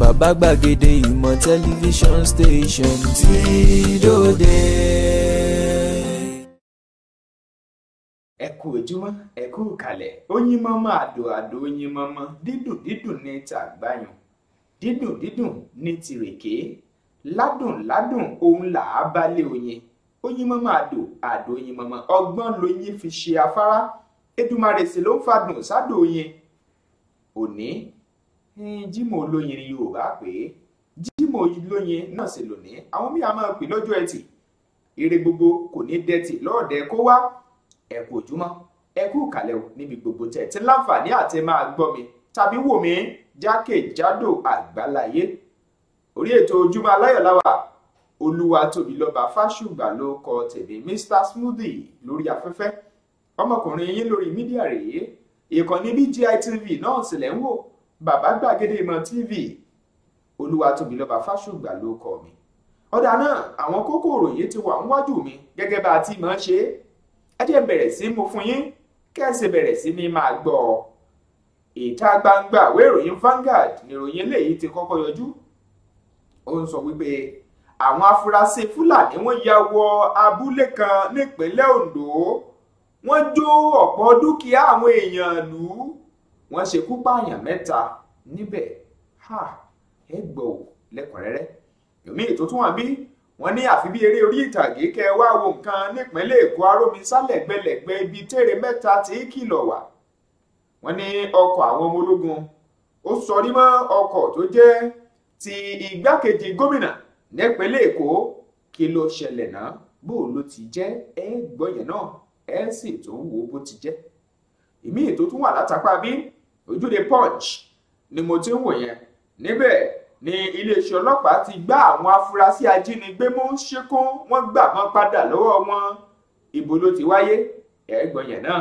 bàbá gbàgede ìmọ̀ tẹlifíṣọ̀n station tí dòde. ẹ kú ojúmọ́ ẹ kú oyin mọ́mọ́ àdó àdó oyin mọ́mọ́ dídùn dídùn ní tàgbáyàn dídùn dídùn ní tìrèké ládùn ládùn òun là á bá oyin oyin mọ́mọ́ àdó àdó oyin mọ́mọ́ ọgbọ́n lóyin fi ṣe afárá Èdùmàrè sì ló ń fadùn sádò oyin òní Jímọ̀ olóyin Yorùbá pé Jímọ̀ olóyin náà sì lónìí àwọn míì a máa pè lọ́jọ́ ẹtì ire gbogbo kò ní dẹ́tì lọ́ọ̀dẹ kó wá ẹ kú ojúmọ́ ẹ kú ìkàlẹ̀ o níbi gbogbo tẹ̀ tí láǹfààní àti máa gbọ́ mi tàbí wò mí jákèjádò àgbáláyé orí ètò ojúmọ́ aláyọ̀ láwà olúwa tóbi lọ́ba fáṣùgbà ló kọ tèmi Mr Smoothie lórí afẹ́fẹ́ ọmọkùnrin yín lórí mídíà rèé ìkànnì BGI TV náà sì lẹ́ ń wò bàbá gbàgede ìmọ̀ tv olúwatóbilọ́ba fásùgbà ló kọ mi ọ̀dà náà àwọn kókó òròyìn ti wà níwájú mi gẹ́gẹ́ bá a ti máa ń ṣe é ẹ jẹ́ bẹ̀rẹ̀ sí mú fún yín kẹ́sì bẹ̀rẹ̀ sí ní máa gbọ́ ọ ìta gbangba ìwé ìròyìn Vanguard níròyìn eléyìí ti kọ́kọ́ yọjú ó ń sọ wípé àwọn afurasí fúlàní wọ́n ya wọ abúlé kan nípínlẹ̀ Ondo wọ́n jó ọ̀pọ̀ dúkìá àwọn èèyàn lù ú wọ́n ṣekú pààyàn mẹ́ta níbẹ̀ ẹ gbọ́ ò lẹ́kùnrẹ́rẹ́ yomi ètò tún wà bí wọ́n ní àfi bí eré orí ìtàgé kẹ wá wo nǹkan nípínlẹ̀ èkó arómi sálẹ̀gbẹlẹ̀gbẹ ibi tèrè mẹ́ta tí í kìlọ̀ wà wọ́n ní ọkọ̀ àwọn ọmọ ológun ó sọrí mọ́ ọkọ̀ tó jẹ́ ti igbákejì gómìnà nípínlẹ̀ èkó kí ló ṣẹlẹ̀ náà bó ló ti jẹ́ ẹ gbọ́ yẹn náà ẹ sì tó ń wo bó ti jẹ́ ìmí ètò tún wà látàpá bíi ojúde punch ni mo ti ń wò yẹn níbẹ̀ ni iléeṣẹ́ ọlọ́pàá ti gbá àwọn afurasí ajínigbé mú ṣíkún wọ́n gbàbọ́n padà lọ́wọ́ wọn ibo ló ti wáyé ẹ̀ẹ́gbọ̀n yẹn náà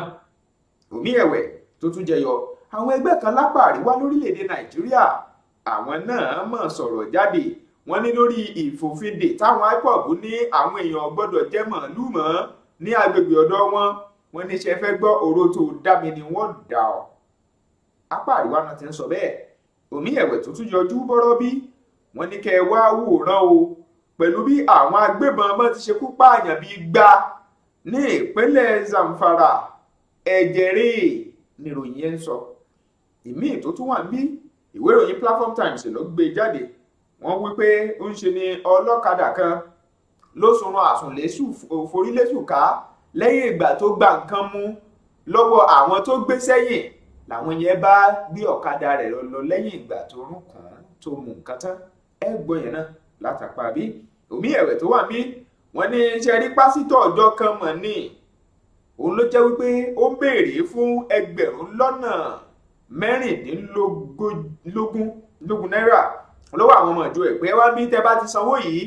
òmí ẹ̀wẹ̀ tó tún jẹyọ àwọn ẹgbẹ́ kan lápá àríwá lórílẹ̀‐èdè nàìjíríà àwọn náà mọ̀ sọ̀rọ̀ jáde wọ́n ní lórí ìfòfindè táwọn ipob ní àwọn èèyàn gbọ́dọ̀ jẹ́ mọ̀ọ́lù mọ́ ní agbègbè ọ̀dọ̀ wọn wọ́n ní ṣe fẹ́ gbọ́ ọ̀rọ̀ tó dá mi ni wọ́n dà ọ́ apá àríwá náà ti ń sọ bẹ́ẹ̀ omi ẹ̀wẹ̀ tó tún yọjú bọ́rọ́ bí wọ́n ní kẹ́ ẹ wá wòran o pẹ̀lú bí àwọn agbébọn ọmọ ti ṣekú pààyàn bíi gba ní ìpínlẹ̀ Zamfara ẹ̀jẹ̀ rè ń sọ ìmí tó tún wà ń bí ìwé ìròyìn Platform Times ló gbé e jáde wọ́n wí pé ó ń ṣe ni ọlọ́kadà kan ló sunrun àsùnlẹ̀sù forílẹ̀sù ká lẹ́yìn ìgbà tó gba nǹkan mú lọ́wọ́ àwọn tó gbé sẹ́yìn làwọn yẹn bá gbé ọ̀kadà rẹ̀ lọ lẹ́yìn ìgbà tó rún kàn án tó mú nǹkan tán ẹ gbọ́ yẹn náà látàpá bí omi ẹ̀wẹ̀ tó wà mí wọ́n ní ṣe rí pásítọ̀ ọjọ́ kan mọ̀ ní òun ló jẹ́ wípé ó ń béèrè fún ẹgbẹ̀rún lọ́nà mẹ́rìndínlógún lógún náírà lọ́wọ́ àwọn ọmọ ìjọ ẹ̀ pé wá bí tẹ́ bá ti sanwó yìí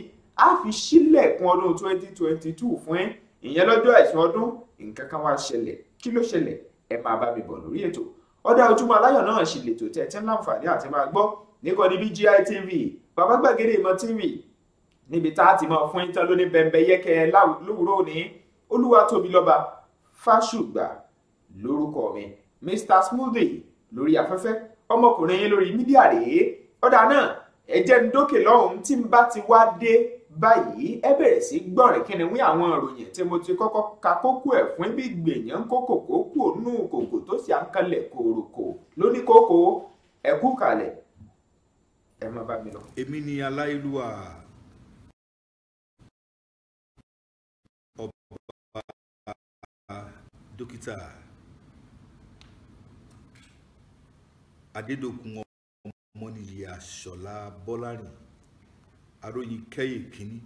á fi sílẹ̀kùn ọdún 2022 fún ẹ ìyẹn lọ́jọ́ àìsùn ọdún nǹkan kan wá ṣẹlẹ̀ kí ló ṣẹlẹ̀ ẹ máa bá mi bọ̀ lórí ètò ọ̀dà ojúmọ́ aláyọ̀ náà sì lètò tẹ̀ tí ń láǹfààní àti máa gbọ́ níkànnì BGI TV bàbá gbàgede ìmọ̀ TV níbi tá a ti mọ̀ fún ìtàn lóní bẹ̀m̀bẹ̀ yẹ́kẹ́ lówùúrọ̀ ní olúwa tóbi lọ́ba fáṣùgbà lórúkọ mi Mr Smoothie lórí afẹ́fẹ́ ọmọkùnrin yín lórí mídíà rèé ọ̀dà náà ẹ̀jẹ̀ ń dókè lọ́hùn-ún tí ń bá ti wá dé báyìí ẹ bẹ̀rẹ̀ sí gbọ̀nrín kí ni wí àwọn ìròyìn tí mo ti kọ́kọ́ ka kókó ẹ̀ fún bí gbèyàn ń kó kòkó kú ònú kòkó tó sì à ń kalẹ̀ kòròkò lóní kókó ẹ kú kalẹ̀ ẹ má bá mi lọ. èmi ni aláìlúwà ọba dókítà adédọ̀kun ọmọnìyí àṣọlá bọ́lárìn aróyinkéyè kínní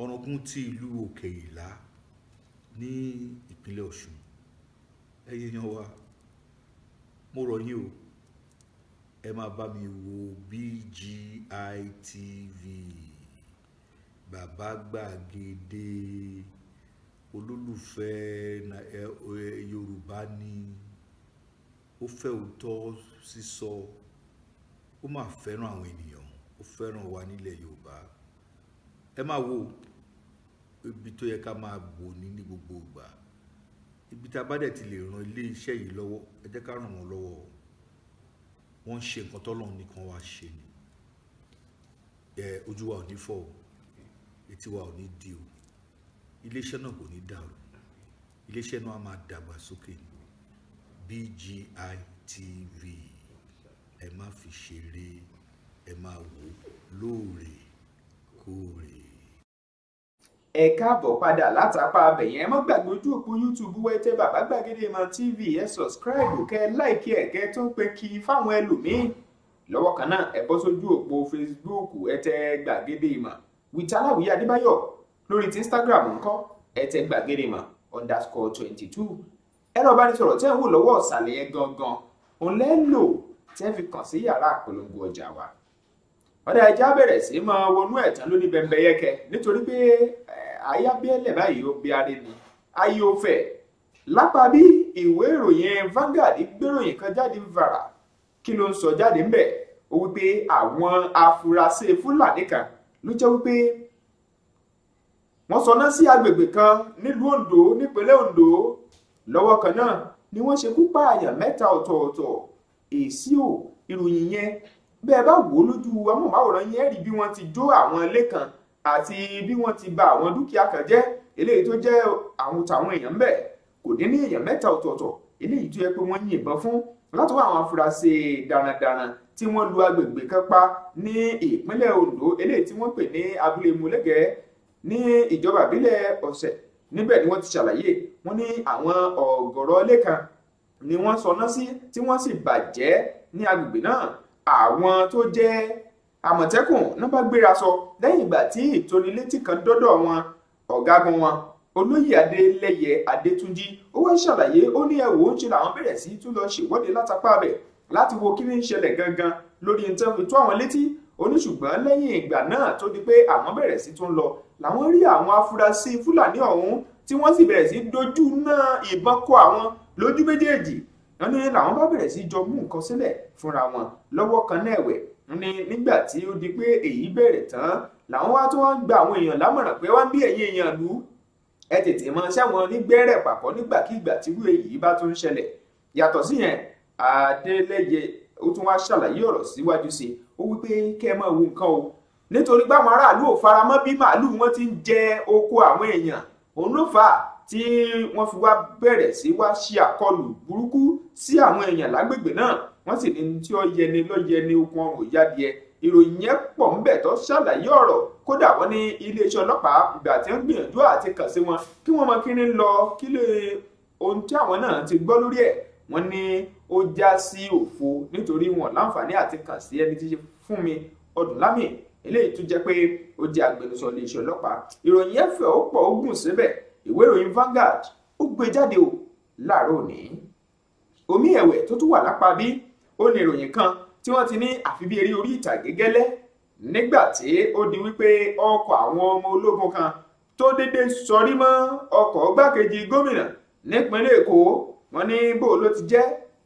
ọ̀ràngún ti ìlú òkè ìlá ní ìpínlẹ̀ ọ̀ṣun ẹ̀yin èèyàn wa mo rọ̀ yín o ẹ máa bá mi wo BGI TV bàbá gbàgede olólùfẹ́ yorùbá ni ó fẹ́ òótọ́ sísọ ó máa fẹ́ràn àwọn ènìyàn fẹ́ràn wa nílẹ̀ Yorùbá ẹ máa wo ibi tó yẹ ká máa bò ní ní gbogbo ìgbà ibi tá a bá dẹ̀ ti lè ran ilé iṣẹ́ yìí lọ́wọ́ ẹ jẹ́ ká ràn wọ́n lọ́wọ́ wọ́n ń ṣe nǹkan tọ́lọ́run nìkan wá ṣe ni ẹ ojú wa ò ní fọ́ o etí wa ò ní di o iléeṣẹ́ náà kò ní dàrú iléeṣẹ́ náà a máa dàgbà sókè BGI TV ẹ má fi ṣeré ẹ máa wò ó lóòrèkóòrè. ẹ káàbọ̀ padà látàpá abẹ̀yẹn ẹ má gbàgbé ojú òpó youtube wẹ́ tẹ bàbá gbàgede ìmọ̀ tv ẹ sọ̀sìkíráìbù kẹ́ ẹ láìkí ẹ̀ kẹ́ ẹ tó ń pe kí fáwọn ẹlòmíín lọ́wọ́ kan náà ẹ bọ́ sójú òpó facebook ẹ tẹ gbàgede ìmọ̀ with aláwìyé adébáyọ̀ lórí ti instagram ńkọ́ ẹ tẹ gbàgede ìmọ̀ underscore twenty two ẹ̀rọ ìbánisọ̀rọ̀ tẹ́ ń wò lọ́wọ́ ọ̀sàlẹ̀ yẹn gangan òun lẹ́ lò tẹ́ fi kàn sí yàrá àpolongo ọjà wa ọ̀dà ẹja bẹ̀rẹ̀ sí máa wọnú ẹ̀tàn lóní bẹ̀m̀bẹ̀ yẹkẹ nítorí pé ayábíẹ́lẹ̀ báyìí ó bí arẹ ni ayé ó fẹ̀ lápá bí ìwé ìròyìn Vanguard gbéròyìn kan jáde vàrà kí ló ń sọ jáde ń ó wípé àwọn afurasí Fúlàní kan ló jẹ́ wípé wọ́n sọná sí agbègbè kan nílùú Ondo nípínlẹ̀ Ondo lọ́wọ́ kan náà ni wọ́n ṣekú pààyàn mẹ́ta ọ̀tọ̀ọ̀tọ̀ èsì ò ìròyìn yẹn bẹ́ẹ̀ bá wò ó lójú amóhùnmáwòrán yẹn rí bí wọ́n ti jó àwọn ilé kan àti bí wọ́n ti ba àwọn dúkìá kan jẹ́ eléyìí tó jẹ́ àwọn tàwọn èèyàn ń bẹ̀ kò dín ní èèyàn mẹ́ta ọ̀tọ̀ọ̀tọ̀ eléyìí tó yẹ pé wọ́n yìnbọn fún látọwọ́ àwọn afurasí darandaran tí wọ́n lu agbègbè kan pa ní ìpínlẹ̀ Ondo eléyìí tí wọ́n pè ní abúlé Mulege ní ìjọba ìbílẹ̀ Ọ̀sẹ̀ níbẹ̀ ni wọ́n ti ṣàlàyé wọ́n ní àwọn ọ̀gọ̀rọ̀ ilé kan ni wọ́n sọná sí tí wọ́n sì bàjẹ́ ní agbègbè náà àwọn tó jẹ́ àmọ̀tẹ́kùn náà bá gbéra sọ lẹ́yìn ìgbà tí ìtónilétí kan dọ́dọ̀ wọn ọ̀gágun wọn olóyè adélẹ́yẹ adétúnjì ó wá ṣàlàyé ó ní ẹ̀wò ń ṣe làwọn bẹ̀rẹ̀ sí tún lọ ṣèwọ́de látapá bẹ̀ láti wo kí ní ṣẹlẹ̀ gangan lórí nǹkan fi tó àwọn létí ó ní ṣùgbọ́n lẹ́yìn ìgbà náà tó di pé àwọn bẹ̀rẹ̀ sí tún lọ làwọn rí àwọn afurasí fúlàní ọ̀hún tí wọ́n sì bẹ̀rẹ̀ sí dojú náà ìbọn kọ àwọn lójú méjèèjì wọ́n ní làwọn bá bẹ̀rẹ̀ sí jọ mú nǹkan sílẹ̀ fúnra wọn lọ́wọ́ kan náà ẹ̀wẹ̀ wọ́n ní nígbà tí ó di pé èyí bẹ̀rẹ̀ tán làwọn wá tó wọ́n gba àwọn èèyàn lámọ̀ràn pé wọ́n bí ẹ̀yin èèyàn lù ẹ tètè mọ sẹ́wọ̀n nígbẹ́rẹ́ pàpọ̀ nígbàkigbà tírú èyí bá tún ṣẹlẹ̀ yàtọ̀ síyẹn Adélẹ́yẹ ó tún wá ṣàlàyé ọ̀rọ̀ síwájú sí ó wípé kẹ́ ẹ máa wo nǹkan o nítorí báwọn aráàlú ò faramọ́ bí màálù wọn ti ń jẹ oko àwọn èèyàn òun ló fà á tí wọ́n fi wá bẹ̀rẹ̀ sí wá ṣe àkọlù burúkú sí àwọn èèyàn lágbègbè náà wọ́n sì ní tí ó yẹni ló yẹni okun ọrùn ìyádiẹ ìròyìn yẹn pọ̀ ńbẹ̀ tó ṣàlàyé ọ̀rọ̀ kódà wọ́n ní iléeṣẹ́ ọlọ́pàá ìgbà tí wọ́n gbìyànjú àti kàn sí wọn kí wọ́n mọ kíni lọ kí lè ohun tí àwọn náà ti gbọ́ lórí ẹ̀ wọ́n ní ó já sí òfo nítorí wọn láǹfààní àti kàn sí ẹni tí ṣe fún mi Ọdúnlámì eléyìí tó jẹ́ pé ó jẹ́ agbẹnusọ iléeṣẹ́ ọlọ́pàá ìròyìn ẹ̀fẹ̀ ó pọ̀ ó gùn síbẹ̀ ìwé ìròyìn Vanguard ó gbé jáde o láàárọ̀ òní omi ẹ̀wẹ̀ tó tún wà lápá bí ó ní ìròyìn kan tí wọ́n ti ní àfi bí eré orí ìtàgé gẹ́lẹ́ nígbà tí ó di wípé ọkọ̀ àwọn ọmọ ológun kan tó dédé sọrí mọ́ ọkọ̀ igbákejì gómìnà nípínlẹ̀ Èkó wọ́n ní bó ló ti jẹ́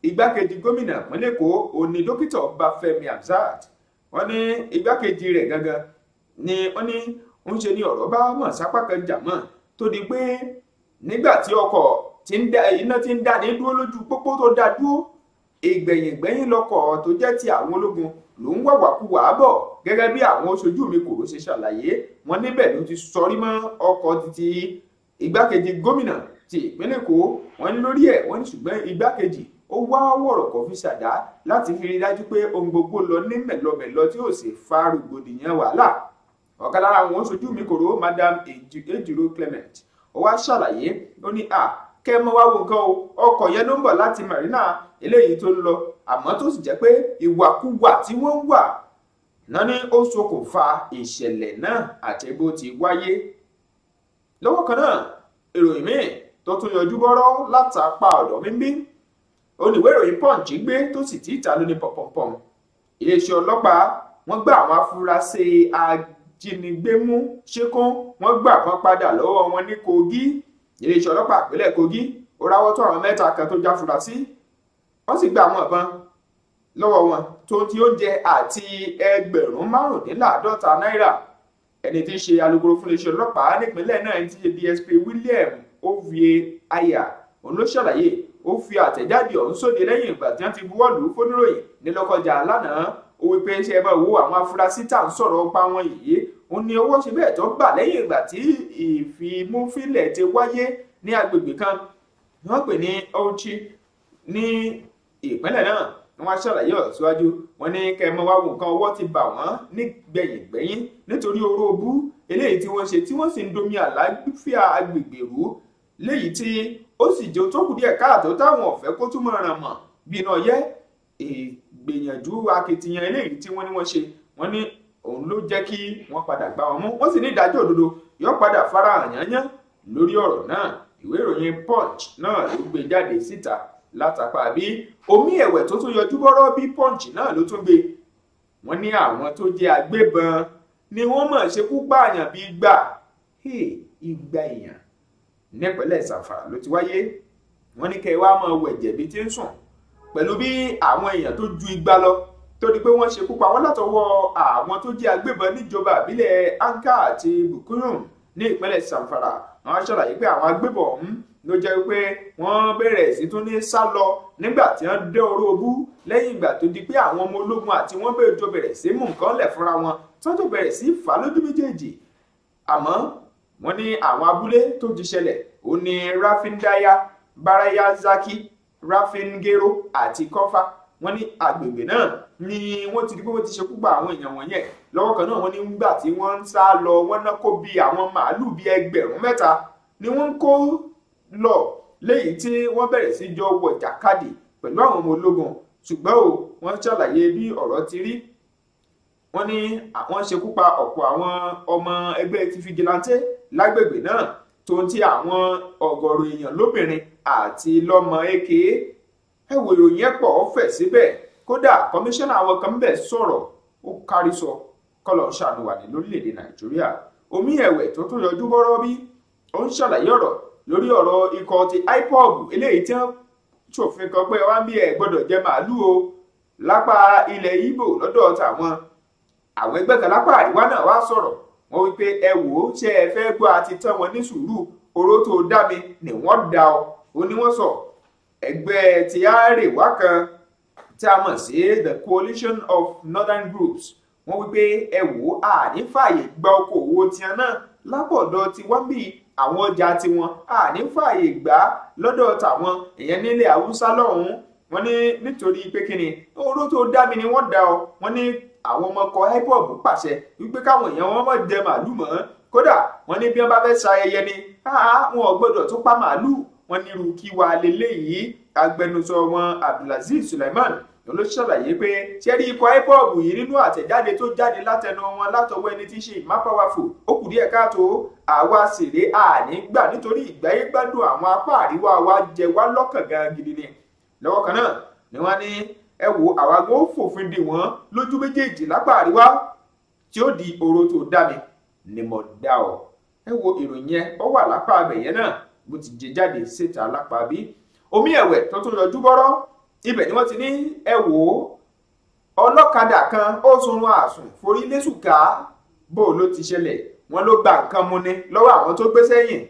igbákejì gómìnà ìpínlẹ̀ Èkó òní dókítà Ọbáfẹ́mi Hamzat wọ́n ní igbákejì rẹ̀ gangan ni wọ́n ní ń ṣe ni ọ̀rọ̀ bá mọ̀ sápá kan jà mọ́ tó di pé nígbà tí ọkọ̀ iná ti ń dá ní dúró lójú pópó tó dá dúró ìgbẹ̀yìngbẹ̀yìn lọkọ̀ tó jẹ́ ti àwọn ológun ló ń wàwàkuwà bọ̀ gẹ́gẹ́ bí àwọn oṣojú mi kò ṣe ṣàlàyé wọn níbẹ̀ ló ti sọrí mọ́ ọkọ̀ títí igbákejì gómìnà ti ìpínlẹ̀ èkó wọn ní lórí ẹ̀ wọn ní ṣùgbọ́n igbákejì ó wá wọ̀rọ̀ kọ́ fi ṣàdá láti fi rí dájú pé ohun gbogbo lọ ní mẹ̀lọmẹ̀lọ tí ò sì fa rògbòdìyàn wàhálà ọ̀kan lára àwọn oṣojú mi kòró madam ejiro clement ó wá ṣàlàyé ó ní à kẹ́ ẹ mọ́ wá wo nǹkan o ọkọ̀ yẹn ló ń bọ̀ láti marina eléyìí tó ń lọ àmọ́ tó sì jẹ́ pé ìwàkuwà tí wọ́n ń wà náà ni ó ṣokùnfà ìṣẹ̀lẹ̀ náà àti bó ti wáyé lọ́wọ́ kan náà ìròyìn míì tó tún yọjú bọ́rọ́ látàpá ọ̀dọ̀ mímbí oníwèé ìròyìn punch gbé tó sì ti ìta lóní pọ̀npọ̀npọ̀n iléeṣẹ́ ọlọ́pàá wọ́n gbá àwọn afurasí ag jínigbé mú ṣíkún wọ́n gbà kan padà lọ́wọ́ wọn ní Kogi iléeṣẹ́ ọlọ́pàá ìpínlẹ̀ Kogi ó ráwọ́ tó àwọn mẹ́ta kan tó jáfurasí wọ́n sì gba àwọn ìbọn lọ́wọ́ wọn tó ti oúnjẹ àti ẹgbẹ̀rún márùndínláàádọ́ta náírà ẹni tí ń ṣe alukoro fún iléeṣẹ́ ọlọ́pàá nípínlẹ̀ náà ti ṣe DSP William Ovie Aya òun ló ṣàlàyé ó fi àtẹ̀jáde ọ̀hún sóde lẹ́yìn ìgbà tí wọ́n ti buwọ́lù fóníròyìn nílọ́kọjà lánàá ó wí pé ṣe ẹ bá wo àwọn afurasí tá à ń sọ̀rọ̀ pa wọn yìí ó ní owó ṣe bẹ́ẹ̀ tó gbà lẹ́yìn ìgbà tí ìfimúfilẹ̀ ti wáyé ní agbègbè kan wọ́n pè ní Auchi ní ìpínlẹ̀ náà wọ́n ṣàlàyé ọ̀rọ̀ síwájú wọ́n ní kẹmọ wá wò nǹkan ọwọ́ ti bà wọ́n nígbẹ̀yìngbẹ̀yìn nítorí oró bú eléyìí tí wọ́n ṣe tí wọ́n sì ń domi àlàáfíà agbègbè rú léyìí tí ó sì jẹ́ tó kù díẹ̀ káàtó táwọn ọ̀fẹ́ kó túmọ̀ ràn mọ̀ bí iná yẹ ìgbìyànjú akitiyan eléyìí tí wọ́n ní wọ́n ṣe wọ́n ní òun ló jẹ́ kí wọ́n padà gbá wọn mú wọ́n sì ní ìdájọ́ òdodo yóò padà farahàn yányán lórí ọ̀rọ̀ náà ìwé ìròyìn punch náà ló gbé jáde síta látàpá bí omi ẹ̀wẹ̀ tó tún yọjú bọ́rọ́ bí punch náà ló tún gbé wọ́n ní àwọn tó jẹ́ agbébọn ni wọ́n mọ̀ ṣekú pààyàn bíi gbà igba èèyàn nípínlẹ̀ Zamfara ló ti wáyé wọ́n ní kẹ́ ẹ wá máa wẹ̀jẹ̀ bíi ti ń sùn pẹ̀lú bí àwọn èèyàn tó ju igba lọ torí pé wọ́n ṣekú pa wọ́n látọwọ́ àwọn tó jẹ́ agbébọn níjọba àbílẹ̀ Anka àti Bukuyum ní ìpínlẹ̀ Samfara wọ́n ṣàlàyé pé àwọn agbébọn ọ̀hún ló jẹ́ pé wọ́n bẹ̀rẹ̀ sí tún ní sá lọ nígbà tí wọ́n dé oró ogú lẹ́yìn ìgbà tó di pé àwọn ọmọ ológun àti wọ́n bẹ̀rẹ̀ tó bẹ̀rẹ̀ sí mú nǹkan lẹ̀ fúnra wọn tó tó bẹ̀rẹ̀ sí fà lójú méjèèjì àmọ́ wọ́n ní àwọn abúlé tó ti ṣẹlẹ̀ ó ní Rafindaya Baraya Rafingero àti Kofa wọ́n ní agbègbè náà ni wọ́n ti di pé wọ́n ti ṣekú pa àwọn èèyàn wọ̀nyẹn lọ́wọ́ kan náà wọ́n ní nígbà tí wọ́n ń sá lọ wọ́n ná kó bí àwọn màálùú bíi ẹgbẹ̀rún mẹ́ta ni wọ́n ń kó lọ léyìí tí wọ́n bẹ̀rẹ̀ sí jọ wọ̀ jàkadì pẹ̀lú àwọn ọmọ ológun ṣùgbọ́n o wọ́n ṣàlàyé bí ọ̀rọ̀ ti rí wọ́n ní àwọn ṣekú pa ọ̀pọ̀ àwọn ọmọ ẹgbẹ́ ti fìgìláńtẹ́ lágbègbè náà tó ń ti àwọn ọ̀gọ̀rọ̀ èèyàn lóbìnrin àti lọ́mọ èké ẹ wò ìròyìn ẹ pọ̀ ọ̀fẹ́ síbẹ̀ kódà kọmíṣánná àwọn kan bẹ̀ sọ̀rọ̀ ó kárí sọ kọ́lọ̀ ń ṣàánú wà ní lórílẹ̀‐èdè nàìjíríà omi ẹ̀wẹ̀ tó tún yọjú bọ́rọ́ bí ó ń ṣàlàyé ọ̀rọ̀ lórí ọ̀rọ̀ ikọ̀ ti ipob eléyìí tí wọ́n ṣòfin kan pé wá ń bí ẹ̀ gbọ́dọ̀ jẹ màálùú o lápá ilẹ̀ Ìgbò lọ́dọ̀ tàwọn àwọn ẹgbẹ́ kan lápá àríwá náà wá sọ̀rọ̀ wọ́n wí pé ẹ wò ó ṣe ẹ fẹ́ gbọ́ àti tán wọn ní sùúrù oró tó dá mi ni wọ́n dá ọ ó ní wọ́n sọ̀rọ̀ ẹgbẹ́ ti Àríwá kan tí a mọ̀ sí the coalition of northern groups wọ́n wípé ẹ wò ó àní fààyè gba okòwò tiẹ̀ náà lápọ̀dọ̀ ti wá bí àwọn ọjà tiwọn àní fààyè gbà lọ́dọ̀ tàwọn ìyẹn nílẹ̀ haúsá lọ́hùn-ún wọ́n ní nítorí pé kí ni oró tó dá mi ni wọ́n dá ọ wọ́n ní àwọn ọmọ ọkọ̀ ipob pàṣẹ wípé káwọn èèyàn wọn mọ̀ jẹ màálù mọ́ kódà wọ́n ní bí wọ́n bá fẹ́ ṣayẹyẹ ni wọn ò gbọ́dọ̀ tún pa màálù wọ́n nírú kí wàá lélẹ́yìí agbẹnusọ wọn abdulaziz suleiman ló ló ṣàlàyé pé ṣẹ́rí ikọ̀ ipob yìí nínú àtẹ̀jáde tó jáde látẹnu wọn látọwọ́ ẹni tí ń ṣe ìmápáwáfò ó kù díẹ̀ káàtó àwa ṣèré àní gbà nítorí ìgbáyé gbádùn àwọn apá àríwá wa jẹ wá lọ́kàn gan gidi ni lọ́wọ́ kan náà ni wọ́n ní ẹ wo àwa gan ó fòfin dè wọ́n lójú méjèèjì lápá àríwá tí ó di oró tó dá mi ni mo dá ọ ẹ wo ìròyìn ẹ ọ wà lápá abẹ̀yẹ náà bó ti jẹ jáde síta lápá bí omi ẹ̀wẹ̀ tó tún yọjú bọ́rọ́ ibẹ̀ ni wọ́n ti ní ẹ wò ó ọlọ́kadà kan ó sunrun àsùn forí lẹ́sùká bó ló ti ṣẹlẹ̀ wọ́n ló gba nǹkan mu ni lọ́wọ́ àwọn tó gbé sẹ́yìn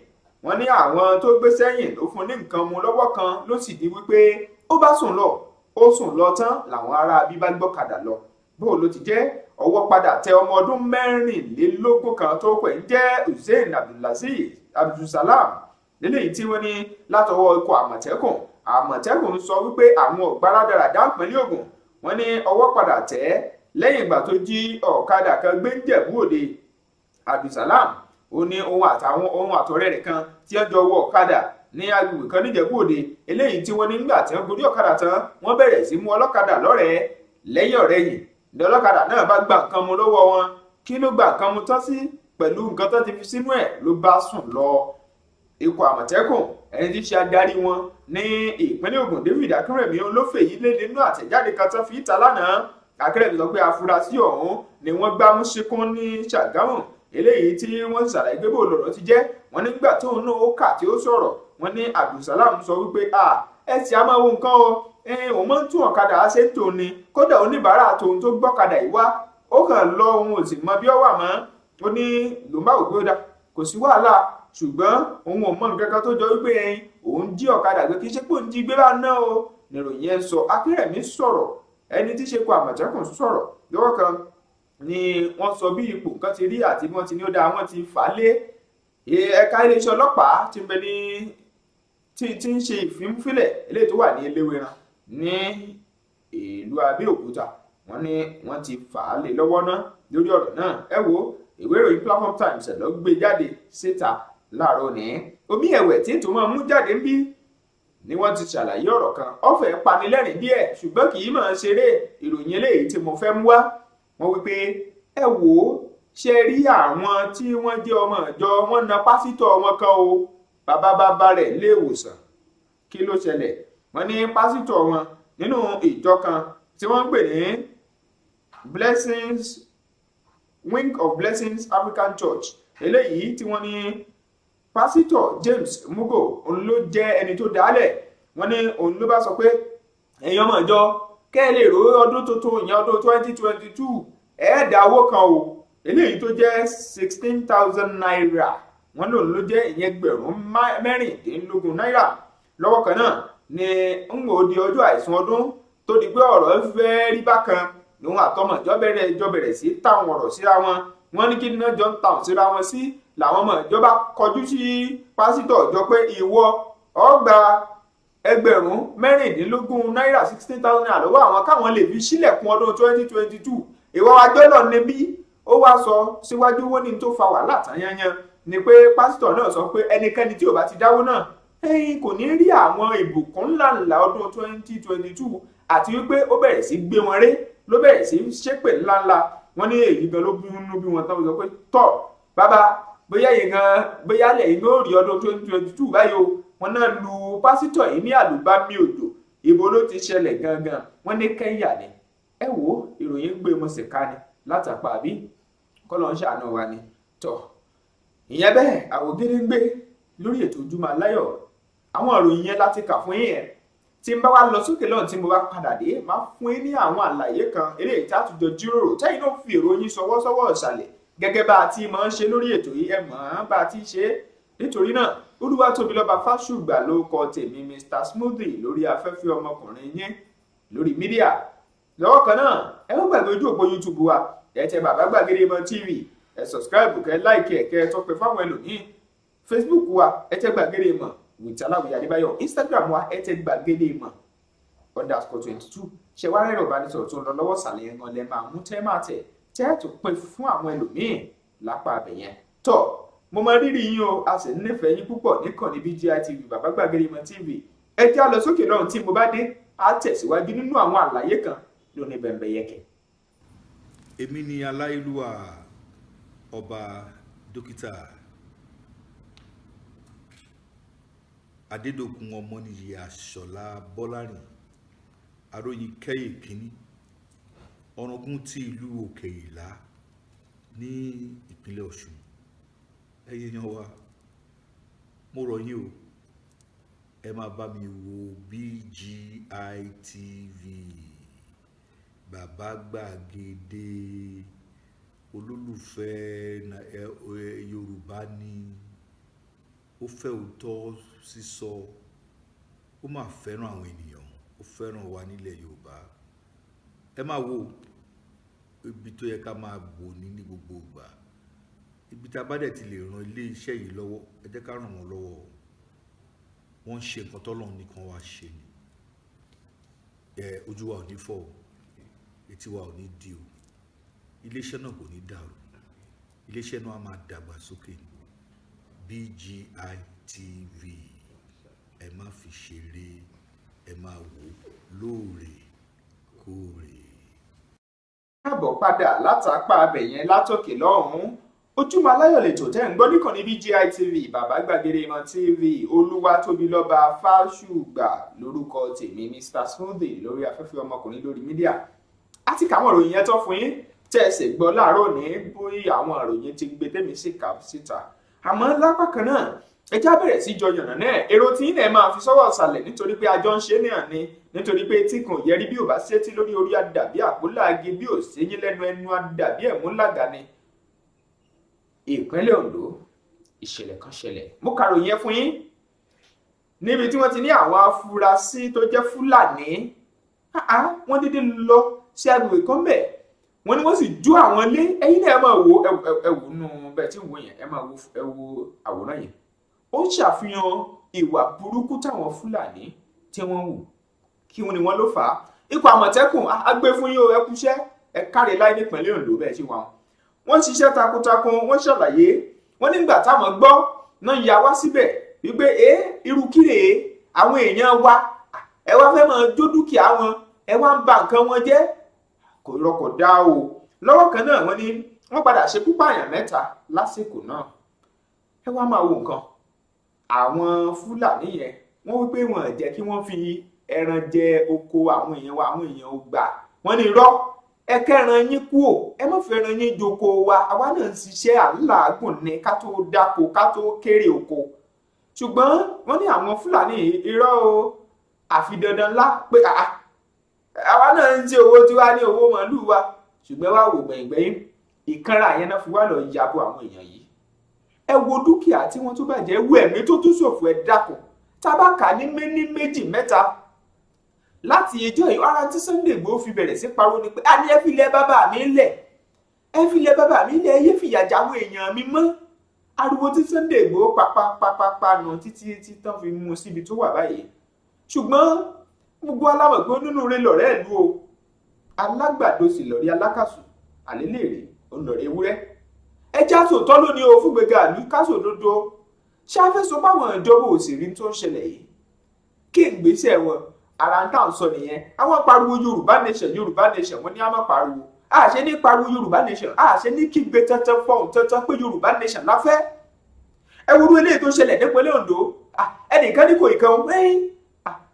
wọ́n ní àwọn tó gbé sẹ́yìn ló fún ní nǹkan mu lọ́wọ́ kan ló sì di wípé ó bá sùn lọ ó sùn lọ tán làwọn ará bíbá gbọ́kadà lọ bó ló ti jẹ́ ọwọ́ padà tẹ ọmọ ọdún mẹ́rìnlélógún kan tó pẹ̀ ń jẹ́ hussein abdulaziz abdulsalam lélẹ́yìí tí wọ́n ní látọwọ́ ikọ̀ àmọ̀tẹ́kùn àmọ̀tẹ́kùn sọ wípé àwọn ọ̀gbáradàràdà pínlẹ̀ Ògùn wọ́n ní ọwọ́ padà tẹ̀ lẹ́yìn ìgbà tó jí ọ̀kadà kan gbé ń Jẹ̀bú Òde Abdulsalam ó ní òun àtàwọn ohun àtọ̀rẹ́ rẹ̀ kan tí ó jọ wọ ọ̀kadà ní agbègbè kan níjẹ̀bú òde eléyìí tí wọ́n ní nígbà tí wọ́n gorí ọ̀kadà tán wọ́n bẹ̀rẹ̀ sí mú ọlọ́kadà lọ́rẹ̀ẹ́ lẹ́yìn ọ̀rẹ́ yìí ní ọlọ́kadà náà bá gba nǹkan mu lọ́wọ́ wọn kí ló gba nǹkan mu tán sí pẹ̀lú nǹkan tó ti fi sínú ẹ̀ ló bá sùn lọ ikọ̀ àmọ̀tẹ́kùn ẹni tí ṣe adarí wọn ní ìpínlẹ̀ Ògùn David Akínrẹ̀mí ló fèyí léde nínú àtẹ̀jáde kan tán fi ìta lánàá Akínrẹ̀mí sọ pé afurasí ọ̀hún ni wọ́n gbá mú ṣìnkún ní Ṣàgámù eléyìí tí wọ́n ti ṣàlàyé pé bò lọ̀rọ̀ ti jẹ́ wọ́n nígbà tóun náà ó kà tí ó sọ̀rọ̀ wọ́n ní Abdulsalam sọ wípé à ẹ ti a máa wo nǹkan o òun máa ń tún ọ̀kadà ṣe ń tòun ni kódà oníbàárà tòun tó gbọ́kadà yìí wá ó kàn lọ òun ò sì mọ bí ó wà mọ́ ó ní lòun bá wò pé ó dá kò sí wàhálà ṣùgbọ́n òun ò mọ nǹkan tó jọ wípé ẹyin òun jí ọ̀kadà gbé kí n ṣe pé òun jí gbé bá ná o nìròyìn ẹ sọ akérèmí sọ̀rọ̀ ẹni tí ṣe kó àmọ̀tẹ́kùn sọ̀rọ̀ lọ́wọ́ kan ni wọ́n sọ bí ipò nǹkan ti rí àti wọ́n ti ní ó dáa wọ́n ti fà á lé ẹ̀ka iléeṣẹ́ ọlọ́pàá ti bẹ ní tí ń ṣe ìfínfílẹ̀ eléyìí tó wà ní eléwéran ní ìlú Abẹ́òkúta wọ́n ní wọ́n ti fà á lé lọ́wọ́ ná lórí ọ̀rọ̀ náà ẹ wo ìwé ìròyìn Platform Times ẹ̀ ló gbé jáde síta láàárọ̀ ní omi ẹ̀wẹ̀ tí tó máa mú jáde ń bí ni wọ́n ti ṣàlàyé ọ̀rọ̀ kan ọ̀fẹ́ panilẹ́rìn díẹ̀ ṣùgbọ́n kì í máa ṣeré ìròyìn eléyìí tí mo fẹ́ mú wá wọ́n wípé ẹ wò ó ṣe rí àwọn tí wọ́n jẹ́ ọmọ ìjọ wọ́n na pásítọ̀ wọn kan o bàbá bàbá rẹ̀ léèwòsàn kí ló ṣẹlẹ̀ wọ́n ní pásítọ̀ wọn nínú ìjọ kan tí wọ́n ń pè ní blessings wing of blessings african church eléyìí tí wọ́n ní pásítọ̀ James Mugo òun ló jẹ́ ẹni tó dálẹ̀ wọ́n ní òun ló bá sọ pé ẹ̀yin ọmọ ìjọ kẹ́ ẹ lè rò ọdún tuntun ìyẹn ọdún twenty twenty two ẹ̀ẹ́dà owó kan o eléyìí tó jẹ́ sixteen thousand naira wọ́n lòun ló jẹ́ ìyẹn gbẹ̀rún mẹ́rìndínlógún náírà lọ́wọ́ kan náà ni ń wò ó di ọjọ́ àìsùn ọdún tó di pé ọ̀rọ̀ ń fẹ́ rí bákan lòun àtọmọ ìjọ bẹ̀rẹ̀ ìjọ bẹ̀rẹ̀ sí táwọn ọ̀rọ̀ síra wọn wọ́n ní kí ni náà jọ ń tàwọn síra wọn sí làwọn ọmọ ìjọba kọjú sí pásítọ̀ jọ pé ìwọ ọgbà ẹgbẹ̀rún mẹ́rìndínlógún náírà sixteen thousand naira lọ́wọ́ àwọn káwọn lè fi sílẹ̀kùn ọdún twenty twenty two ìwà wa jọ́lọ̀ níbí ó wá sọ síwájú owó ní tó fa wàhálà tàyányán ni pé pásítọ̀ náà sọ pé ẹnikẹ́ni tí ò bá ti dáwó náà ẹ̀yin kò ní rí àwọn ìbùkún ńláńlá ọdún twenty twenty two àti wípé ó bẹ̀rẹ̀ sí gbé wọn ré ló bẹ̀rẹ̀ sí ṣépè ńláńlá wọn ní èyí gan ló bínú bí wọn táwọn sọ pé tọ́ bàbá bóyá ìran bóyá lẹ́yìn náà rí ọdún twenty twenty two báyìí o wọn náà lu pásítọ̀ yìí ní àlùbami òjò ìbò ló ti ṣẹlẹ̀ gangan wọn ní Kẹ́ńyà ni ẹ wo ìròyìn gbé mọ̀sẹ̀ká ni látàpá àbí kọ́lọ́ ń ṣàánú wa ni tọ̀ ìyẹn bẹ́ẹ̀ àwògede gbé lórí ètò Ojúmọ́ Aláyọ̀ àwọn ìròyìn yẹn láti kà fún yín tí n bá wá lọ sókè lọ́nà tí mo bá padà dé máa fún yín ní àwọn àlàyé kan eléyìí tá a tún jọ jíròrò tẹ́yìn náà fi èrò yín sọwọ́sọwọ́ ìsàlẹ̀ gẹ́gẹ́ bá a ti máa ń ṣe lórí ètò yìí ẹ mọ̀ ọ́n bá a ti ṣe é nítorí náà olúwatóbilọ́ba fásùgbà ló kọ tèmi mr smoothie lórí afẹ́fẹ́ ọmọkùnrin yín lórí mídíà lọ́wọ́ kan náà ẹ ó gbàgbé ojú òpó youtube wa ẹ tẹ bàbá gbàgede mọ tv ẹ subscribe kẹ like ẹ kẹ tọpẹ fáwọn ẹlòmíín facebook wa ẹ tẹ gbàgede mọ with aláwìyá adébáyọ̀ instagram wa ẹ tẹ gbàgede mọ underscore twenty two ṣẹwárẹ́rọ̀ bá ní sọ̀rọ̀ tó ń lọ lọ́wọ́ sàlẹ̀ ẹ̀ngàn lẹ́ẹ̀ máa mú tẹ́ máa tẹ̀ tẹ́ ẹ̀ tó pé fún àwọn ẹlòmíì lápá abẹ yẹn. tọ́ mo mọ rírì yín o a sì nífẹ̀ẹ́ yín púpọ̀ níkànnì BGI TV bàbá gbàgede ìmọ̀ TV ẹ já lọ sókè lọ́run tí mo bá dé á tẹ̀síwájú nínú àwọn àlàyé kan lóní bẹ̀m̀bẹ̀ yẹkẹ̀. èmi ni aláìlúwà ọba dókítà adédọ̀kun ọmọnìyí àṣọlá bọ́lárìn aróyin kẹ́yìn kínní ọ̀ràngún ti ìlú òkè ìlà ní ìpínlẹ̀ ọ̀ṣun ẹ̀yin èèyàn wa mo rọ̀ yín o ẹ máa bá mi wo BGI TV bàbá gbàgede olólùfẹ́ yorùbá ni ó fẹ́ òótọ́ sísọ ó máa fẹ́ràn àwọn ènìyàn ó fẹ́ràn wa nílẹ̀ yorùbá ẹ máa wo ibi tó yẹ ká máa bò ní ní gbogbo ìgbà ibi tá a bá dẹ̀ ti lè ran ilé iṣẹ́ yìí lọ́wọ́ ẹ jẹ́ ká ràn wọ́n lọ́wọ́ wọ́n ń ṣe nǹkan tọ́lọ́run nìkan wá ṣe ni ojú wa ò ní fọ́ o etí wa ò ní di o iléeṣẹ́ náà kò ní dàrú iléeṣẹ́ náà a máa dàgbà sókè BGI TV ẹ má fi ṣeré ẹ máa wò lóòrèkóòrè káàbọ̀ padà látàpá abẹ̀yẹn látòkè lọ́hùn-ún ojúmọ́ aláyọ̀ lè tò tẹ́ ń gbọ́ nìkànnì BGI TV bàbá gbàgede ìmọ̀ TV olúwatóbilọ́ba fáṣùgbà lórúkọ tèmi Mr Sunday lórí afẹ́fẹ́ ọmọkùnrin lórí mídíà àti káwọn ìròyìn yẹn tó fún yín tẹ̀sẹ̀ gbọ́ láàárọ̀ ní bóyá àwọn ìròyìn ti gbé tèmi sí kà síta àmọ́ lápá kan náà ẹ já bẹ̀rẹ̀ sí jọ yànnà náà èrò tí ilẹ̀ máa fi sọ́wọ́ ọ̀sàlẹ̀ nítorí pé àjọ ń ṣe é náà ni nítorí pé tí kò yẹrí bí ò bá sétí lórí orí àdàbí àpòláàgé bí ò séyí lẹ́nu ẹnu àdàbí ẹ̀múlàgà ni. ìpínlẹ̀ Ondo ìṣẹ̀lẹ̀ kan ṣẹlẹ̀ mú karòyìn ẹ fún yín níbi tí wọ́n ti ní àwọn afurasí tó jẹ́ fúlàní wọ́n dédé lọ sí agbègbè kan bẹ́ẹ̀ wọ́n ní wọ́n sì ju àwọn ilé ẹ̀yin náà ẹ máa wo ẹ̀wò nù bẹ́ẹ̀ tí wò yẹn ẹ máa wo àwòrán yẹn ó ṣàfihàn ìwà burúkú táwọn fúlàní tí wọ́n hù kí wọ́n ni wọ́n ló fà á ikọ̀ àmọ̀tẹ́kùn agbé ah, fún yín o ẹ kúṣẹ́ ẹ káre láì nípìnlẹ̀ Ondo bẹ́ẹ̀ ṣe wọn. wọ́n ṣiṣẹ́ takuntakun wọ́n ṣàlàyé wọ́n nígbà táwọn gbọ́ náà ya wá síbẹ̀ wípé ẹ irú kíre àwọn èèyàn wa ẹ wá fẹ́ máa jó dúkìá wọn ẹ wá ń ba nǹkan wọn jẹ́ kò rọkọ̀ dá o lọ́wọ́ kan náà wọ́n ní wọ́n padà ṣekú pààyàn mẹ́ta lásìkò náà ẹ wá máa wo nǹkan àwọn fúlàní yẹn wọ́n wí pé wọ́n jẹ́ kí wọ́n fi ẹran jẹ oko àwọn èèyàn wa àwọn èèyàn ò gbà wọ́n ní irọ́ ẹ kẹ́ran yín kúò ẹ má fẹ́ran yín joko wa àwa náà ń ṣiṣẹ́ àlágùn ni ká tó dáko ká tó kéré oko ṣùgbọ́n wọ́n ní àwọn fúlàní irọ́ o àfi dandan ńlá pé àwa náà ń ṣe owó tiwa ní owó màálù wa ṣùgbọ́n wá wò gbẹ̀yìngbẹ̀yìn ìkanra yẹn náà fi wá lọ yàbọ̀ àwọn èèyàn yìí ẹ wo dúkìá tí wọ́n tún bàjẹ́ ẹ wo ẹ̀mí tó tún ṣòfò ẹ dàpọ̀ tábàkà ní méní méjì mẹ́ta láti ìjọ yìí ara tí Sunday Igboho fi bẹ̀rẹ̀ sí pariwo ni pé a ní ẹ fi lẹ bàbá mi lẹ̀ ẹ fi lẹ bàbá mi lẹ̀ ẹ yé fìyà jáwọ́ èèyàn mi mọ́ ariwo tí Sunday Igboho papapapapa nà títí tí tán fi mú síbi tó wà báyìí ṣùgbọ́n gbogbo aláwọ̀ pé onínú rẹ lọ̀rẹ́ ìlú o alágbàdo sì lọ̀rẹ́ alákàsù àlélẹ́rẹ́ òun lọ̀rẹ́ ewúrẹ́ ẹja sòótọ́ lónìí o fún gbẹ̀gà àlú kásòdodo ṣáfẹ́sọ báwọn ìjọba òṣèré tó ń ṣẹlẹ̀ yìí kí ìgbésẹ̀ wọn ara ń tà ń sọ nìyẹn àwọn pariwo yorùbá nation yorùbá nation wọn ni a máa pariwo àṣẹ ní pariwo yorùbá nation àṣẹ ní kígbe tẹ́tẹ́ fọ́ọ̀n tẹ́tẹ́ pé yorùbá nation láfẹ́ ẹ wo irú eléyìí tó ń ṣẹlẹ̀ nípínlẹ̀ Ondo ẹnìkan ní kò ìkan ẹyìn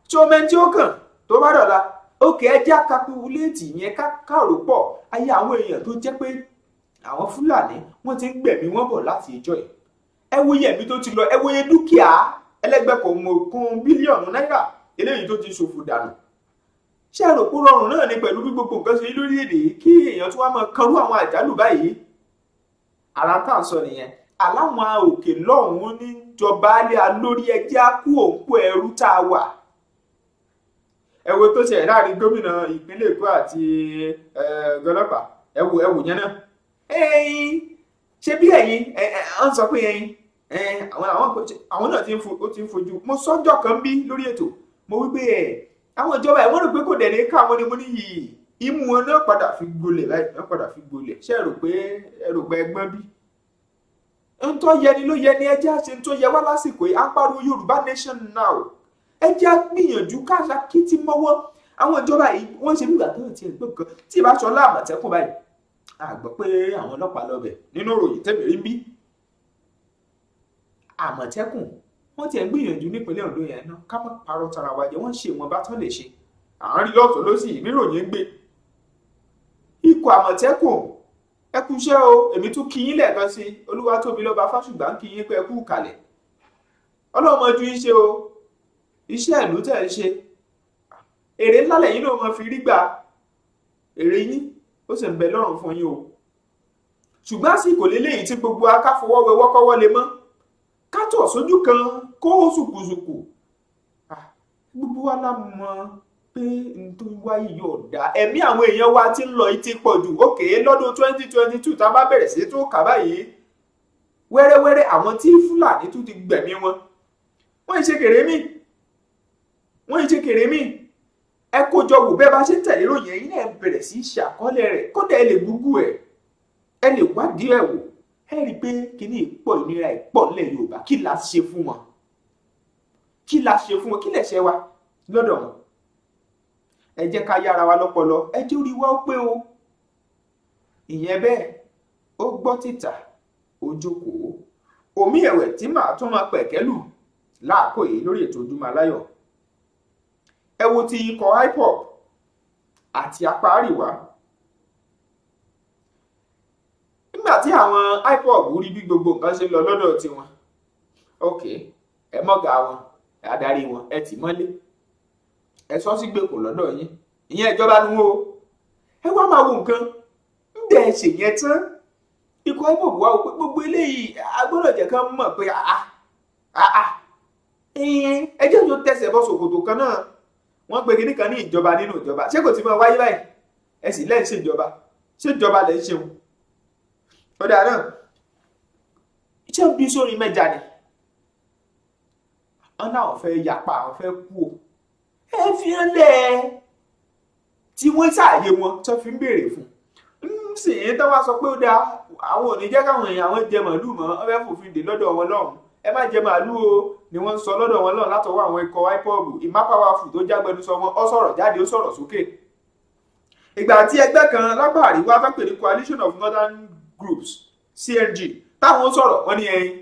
tí ọmọ ẹni tí ó kàn tó bá dọ̀la òkè ẹjẹ́ akapiwuléètì yẹn ká kàrò pọ̀ ayé àwọn èèyàn tó jẹ́ pé àwọn fúlàní wọ́n ti ń gbẹ̀mí wọn bọ̀ láti ìjọ yìí ẹ wo iye ẹ̀mí tó ti lọ ẹ wo iye dúkìá ẹlẹ́gbẹ̀kọ̀ọ́mọ̀kún bílíọ̀nù náírà eléyìí tó ti ṣòfò dànù ṣé àròpó rọrùn náà ni pẹ̀lú bí gbogbo nǹkan ṣe lórílẹ̀‐èdè yìí kí èèyàn tó wá máa kanrú àwọn àjálù báyìí ara tá à ń sọ nìyẹn aláwọn òkè lọ́hùn-ún ní jọba alẹ́ alórí ẹjẹ́ kú òǹkú ẹrú tá a wà ẹ wo tó ṣe láàrin gómìnà ìpínlẹ̀ Èkó àti ọlọ́pàá ẹ wo ẹ wò yẹn náà ẹyin ṣe bí ẹyin ẹ ẹ ọ ń sọ pé ẹyin ẹ àwọn àwọn náà ti ń fojú mo sọ́jọ́ kan bí lórí ètò mo wí pé ẹ àwọn ìjọba ẹ wọ́n rò pé kò dẹ̀ ní káwọn ni mo ní yìí imú wọn náà padà fi gbolẹ̀ láì náà padà fi gbolẹ̀ ṣe rò pé ẹ rò pé ẹgbọ́n bí n tó yẹ ni ló yẹ ni ẹjẹ́ àti n tó yẹ wá lásìkò yìí à ń pariwo Yorùbá nation now ẹjẹ́ gbìyànjú káṣá kí ti mọ́wọ́ àwọn ìjọba yìí wọ́n ṣe bí ìgbà tó ti ẹ̀gbọ́n kan tí ìbá sọ láàmọ̀tẹ́kùn báyìí a gbọ́ pé àwọn ọlọ́pàá lọ bẹ̀ nínú òròyìn tẹ́lẹ̀ rí bí àmọ̀tẹ́kùn wọ́n ti ẹ̀ ń gbìyànjú nípínlẹ̀ Ondo yẹn náà ká má parọ́ tara wa jẹ́ wọ́n ṣe ìwọ̀nba tán lè ṣe àárín lọ́tọ̀ ló sì níròyìn ń gbé ikọ̀ àmọ̀tẹ́kùn ẹ kú iṣẹ́ o èmi tún kí yín lẹ́ẹ̀kan sí olúwa tóbi lọ́ba fásùgbà ń kí yín pé ẹ kú kalẹ̀ ọlọ́mọ ju iṣẹ́ o iṣẹ́ ìlú tẹ̀ ń ṣe èrè ńlá lẹ́yìn náà mo fi rí gbà èrè yín sì ń bẹ lọ́rùn fún yín o ṣùgbọ́n àsìkò lélẹ́yìí tí gbogbo akáfọwọ́wẹ́wọ́ kọ́wọ́ lè mọ́ kátọ̀ sójú kan kó sùkùsùkù gbogbo wa la mọ̀ pé n tó ń wáyé yóò dá ẹ̀mí àwọn èèyàn wa ti ń lọ etí pọ̀ jù òkè lọ́dún twenty twenty two tá a bá bẹ̀rẹ̀ sí tó kà báyìí wẹ́rẹ́wẹ́rẹ́ àwọn tí fúlàní tún ti gbẹ̀mí wọn wọ́n ì ṣe kèrè mí wọ́n ì ṣe kèrè mí ẹ kójọ wò bẹ́ẹ̀ bá ṣe ń tẹ̀lé ìròyìn ẹ̀yin náà bẹ̀rẹ̀ sí í ṣe àkọọ́lẹ̀ rẹ̀ kódà ẹ lè gúgú ẹ̀ ẹ lè wádìí ẹ̀ wò ẹ rí i pé kíní ìpọ̀ ìnira ìpọ̀ nílẹ̀ Yorùbá kí la ṣe fún wọn kí la ṣe fún wọn kí lẹ̀ṣẹ̀ wa lọ́dọ̀ wọn ẹ jẹ́ ká yára wa lọ́pọlọ ẹ jẹ́ orí wa ó pé o ìyẹn bẹ́ẹ̀ ó gbọ́ títà ó jókòó omi ẹ̀wẹ̀ tí màá tún máa pẹ̀kẹ́ lù láàkó yìí lórí ètò Ojúmọ́ Aláyọ̀ ẹ wo ti ikọ̀ IPOB àti apá àríwá nígbà tí àwọn IPOB rí bí gbogbo nǹkan ṣe lọ lọ́dọ̀ tiwọn ok ẹ mọ̀gá wọn adarí wọn ẹ tì mọ́lé ẹ sọ sí gbèkùn lọ́dọ̀ yín ìyẹn ìjọba nu o ẹ wá máa wo nǹkan ń dẹ̀ ṣèyẹn tán ikọ̀ IPOB wá wò pé gbogbo eléyìí agbọ́dọ̀ jẹ́ kán mọ̀ pé àá ah, àá ah, ah, ẹ̀yìn ẹjẹ́ yóò tẹsẹ̀ bọ́ ṣòkòtò kan náà wọ́n pe kí nìkan ní ìjọba nínú ìjọba ṣé kò ti máa wáyé báyìí ẹ sì lẹ́yìn ṣe ìjọba ṣé ìjọba lẹ́ ń ṣeun ọ̀dà náà iṣẹ́ bí sórin mẹ́ja ni wọ́n láwọn fẹ́ yapa àwọn fẹ́ kú o ẹ fi hàn lẹ̀ tí wọ́n ṣàyè wọn tó fi ń béèrè fún un sì ń tọ́wọ́ sọ pé ó dáa àwọn ò ní jẹ́ káwọn èèyàn àwọn jẹ màálù mọ́ ọ fẹ́ fòfin dè lọ́dọ̀ wọn lọ́hùn ẹ má jẹ màálù o ni wọ́n ń sọ lọ́dọ̀ wọn lọ́n látọwọ́ àwọn ikọ̀ ipob ìmápáwáfù tó jágbẹnusọ wọn ọ sọ̀rọ̀ jáde ó sọ̀rọ̀ sókè ìgbà tí ẹgbẹ́ kan lápá àríwá fẹ́ pè ní coalition of northern groups cng táwọn sọ̀rọ̀ wọ́n ní ẹyin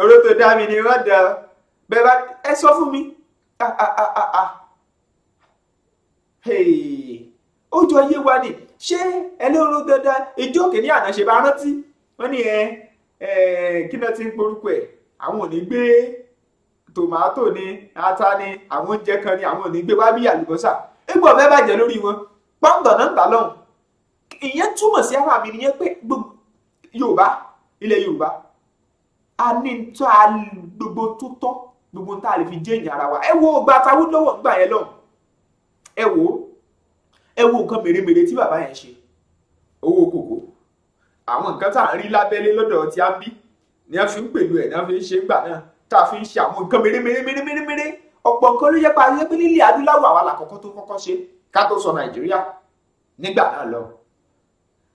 ẹ̀rọ tó dá mi ni wọ́n da bẹ́ẹ̀ bá ẹ sọ fún mi ó jọ yé wa ni ṣé ẹlẹ́rọ dandan ìjọ kìíní àná ṣe bá rántí wọ́n ní ẹ kí náà ti ń porúkọ ẹ̀ àwọn ò ní gbé tòmátò ni ata ni àwọn oúnjẹ kan ni àwọn ò ní gbé wá bí àlùbọ́sà egbò ọ̀fẹ́ bàjẹ́ lórí wọn pọ́ńdọ̀ náà ń gbà lọ́hùn ìyẹn túmọ̀ sí ara mi nìyẹn pé yorùbá ilẹ̀ yorùbá a ní tó a gbogbo tó tọ́ gbogbo tá a lè fi jẹ́yìn ara wa ẹ wo ọgbà táwọn lọ́wọ́ gbà yẹn lọ́hùn ẹ wo ẹ wo nǹkan mèremère tí bàbá yẹn ṣe owó kòkó àwọn nǹkan tá à ń rí lábẹ́lé lọ́dọ̀ tí a ń bí ni a fi ń pẹ̀lú ẹ̀ ni a fi ń ṣe gbà náà tá a fi ń ṣe àwọn nǹkan mèremèremèremèremère ọ̀pọ̀ nǹkan ló yẹ pa ayé pé nílẹ̀ adúláwọ̀ àwa làkọ́kọ́ tó kọ́kọ́ ṣe ká tó sọ nàìjíríà nígbà náà lọ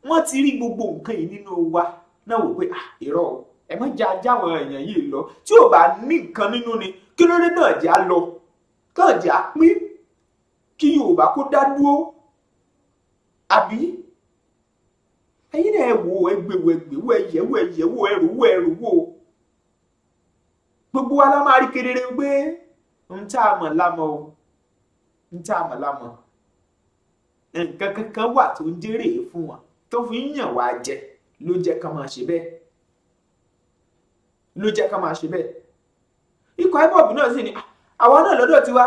wọ́n ti rí gbogbo nǹkan yìí nínú wa náà wò pé irọ́ ẹ má jẹ́ ajá àwọn èèyàn yìí lọ tí ò bá ní nǹkan nínú ni kí lóore náà jẹ́ á lọ náà jẹ́ á pín kí yorùbá kó dá dúró àbí ẹ̀yin náà ẹ wò ẹgbẹ̀wò ẹgbẹ̀wò ẹyẹ̀wò ẹyẹ̀wò ẹrùwò ẹrùwò gbogbo wa la máa rí kedere pé n tá a mọ̀ lámọ̀ o n tá a mọ̀ lámọ̀ nǹkan kankan wà tó ń dérè fún wọn tó fi ń yàn wá jẹ ló jẹ́ ká máa ṣe bẹ́ẹ̀ ló jẹ́ ká máa ṣe bẹ́ẹ̀ ikọ̀ ibob náà sì ni ah, àwa náà lọ́dọ̀ tiwa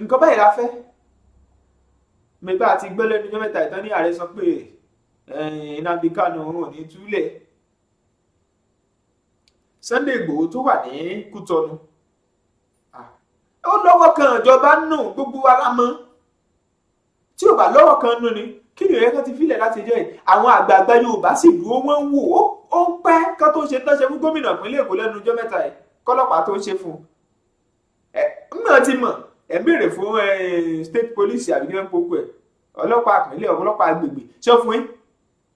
nǹkan báyìí la fẹ́ mẹ́gbà àti gbẹ́lẹ́nu jọ́mẹ́ta ìtàn ní ààrẹ sọ pé Nnamdi Kanu òun ò ní túlẹ̀ Sunday Igboho tó wà ní Kútọnu ó lọ́wọ́ kan ìjọba nù gbogbo ara mọ́ tí ò bá lọ́wọ́ kan nù ni kí ni ìrẹ́kẹ́ ti filẹ̀ láti jẹ́ yìí àwọn àgbààgbà Yorùbá sì dúró wọ́n ń wò ó ó ń pẹ́ ká tó ṣe tán ṣe fún gómìnà ìpínlẹ̀ Èkó lẹ́nu ọjọ́ mẹ́ta yìí kọ́lọ́pàá tó ṣe fún un ẹ mọ̀ ti mọ̀ ẹ̀ béèrè fún state police àbí kí wọ́n gbogbo ẹ̀ ọlọ́pàá ìpínlẹ̀ ọlọ́pàá agbègbè ṣọ́ fún yín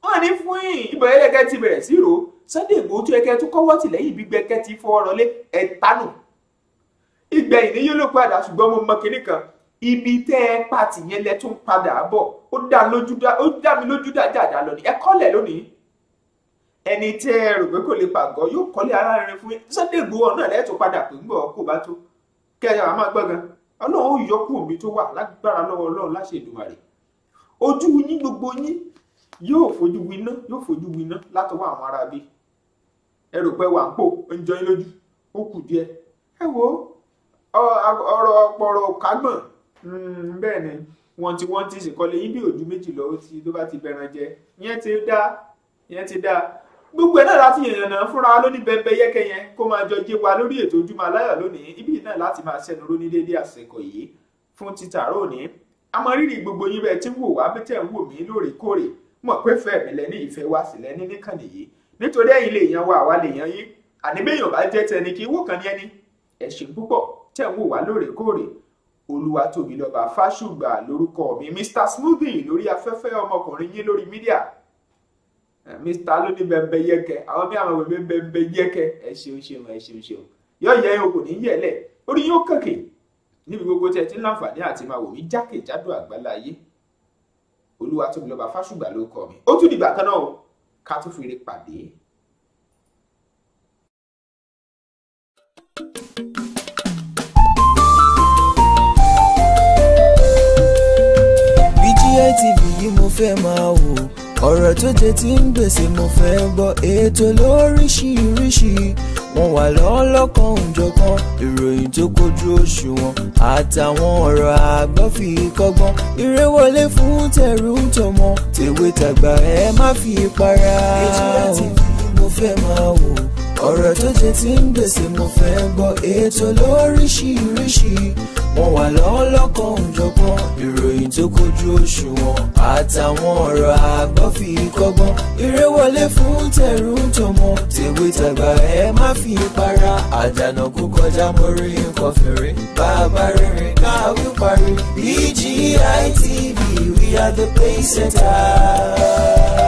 wọ́n ní fún yín ibẹ̀ ẹlẹ́gẹ́ ti bẹ̀rẹ̀ sí Sunday Igboho tó yẹ kẹ́ tó kọ́wọ́ tìlẹ́yìn gbígbẹ́ kẹ́ ti fọwọ́ rọlé ẹ̀ tánù ìgbẹ̀yìn ni yóò ló padà ṣùgbọ́n mo mọ kinní kan ibi tẹ́ ẹ pàtì yẹn lẹ tún padà bọ̀ ó dá mi lójú dáadáa lónìí ẹ kọ́lẹ̀ lónìí ẹni tẹ́ ẹ rò pé kò lè pàgọ́ yóò kọ́lé ara rẹ fún yín Sunday Igboho náà lẹ́ẹ̀tọ́ padà pé ńgbọ̀ kó bá tó kẹ́ẹ̀ àmọ́ gbọ́ngàn ọlọ́run ó yọkú omi tó wà lágbára lọ́wọ́ ọlọ́run láṣẹ Èdùmàrè ojú yín gbogbo yín yóò fojú winá yóò fojú winá látọwọ́ àwọn aráabí ẹ pé wà ń pò ń yín lójú ó kù díẹ̀ ẹ wo ọ̀rọ̀ ọ̀pọ̀rọ̀ kágbọ̀n hmm, bẹ́ẹ̀ ni wọ́n ti wọ́n ti sìnkọ́lé yín bí òjú méjì lọ ti tó bá ti bẹ̀rẹ̀ jẹ yẹn ti dá yẹn ti dá gbogbo ẹ̀ náà láti yànnàná fúnra lóní bẹ́ẹ̀bẹ́ yẹ́kẹ́yẹn kó máa jọ jẹ́ wa lórí ètò Ojúmọ́ Aláyọ̀ lónìí ibi náà láti máa ṣẹ́nu ró déédéé àsìkò yìí fún títàárọ̀ òní amọ̀rírì gbogbo yín bẹ́ẹ̀ tí ń wò wá bí tẹ̀ ń wò mí lóòrèkóòrè mọ̀ pé fẹ́ẹ̀mí lẹ́ní ìfẹ́ wa sì lẹ́ní níkànnì yìí nítorí ẹ̀yin lè yan wa àwa lè yan yín àníbẹ̀yàn bá jẹ́ tẹni kí wọ́n kàn ní ẹni ẹ ṣé púpọ̀ tẹ̀ ń wò wá lóòrèkóòrè olúwa tóbi lọ́ba fáṣùgbà lórúkọ mi mr smoothie lórí afẹ́fẹ́ ọmọkùnrin yín lórí mídíà mr lóní bẹ́ẹ̀bẹ́ yẹ́kẹ́ àwọn bí àwọn bẹ́ẹ̀ bẹ́ẹ̀bẹ́ yẹ́kẹ́ ẹ ṣeun ṣeun ẹ ṣeun ṣeun yọ yẹ ẹ kò ní yẹlẹ̀ orí yóò kàkè níbi gbogbo tẹ ti ń láǹfààní àti máa wò mí jákèjádò àgbáláyé olúwa tóbi lọ́ba fáṣùgbà lórúkọ mi ó tún dìgbà kan náà o ká tún fi pàdé. BGI TV yìí mo fẹ́ máa wò ọ̀rọ̀ tó jẹ ti ń gbèsè mo fẹ́ gbọ́ ètò lóríṣiríṣi wọ́n wà lọ́lọ́kan òjọ̀kan ìròyìn tó kojú òṣùwọ̀n àtàwọn ọ̀rọ̀ àgbọ́ fi kọ́gbọ́n eré wọlé fún tẹrú tọmọ tèwe tàgbà ẹ má fi para mo fẹ́ máa wò ọ̀rọ̀ tó jẹ ti ń gbèsè mo fẹ́ gbọ́ ètò lóríṣiríṣi wọ́n wà lọ́wọ́ lọ́kàn òjọ̀gbọ́n ìròyìn tó kojú òṣùwọ̀n àtàwọn ọ̀rọ̀ àgbọ́ fi kọ́gbọ́n eré wọlé fún tẹ̀rù tọmọ tèwe tàgbà ẹ má fi para àdànà kó kọjá mórí nǹkan fèrè bàbá rere káwí parí BGI we are the pace setters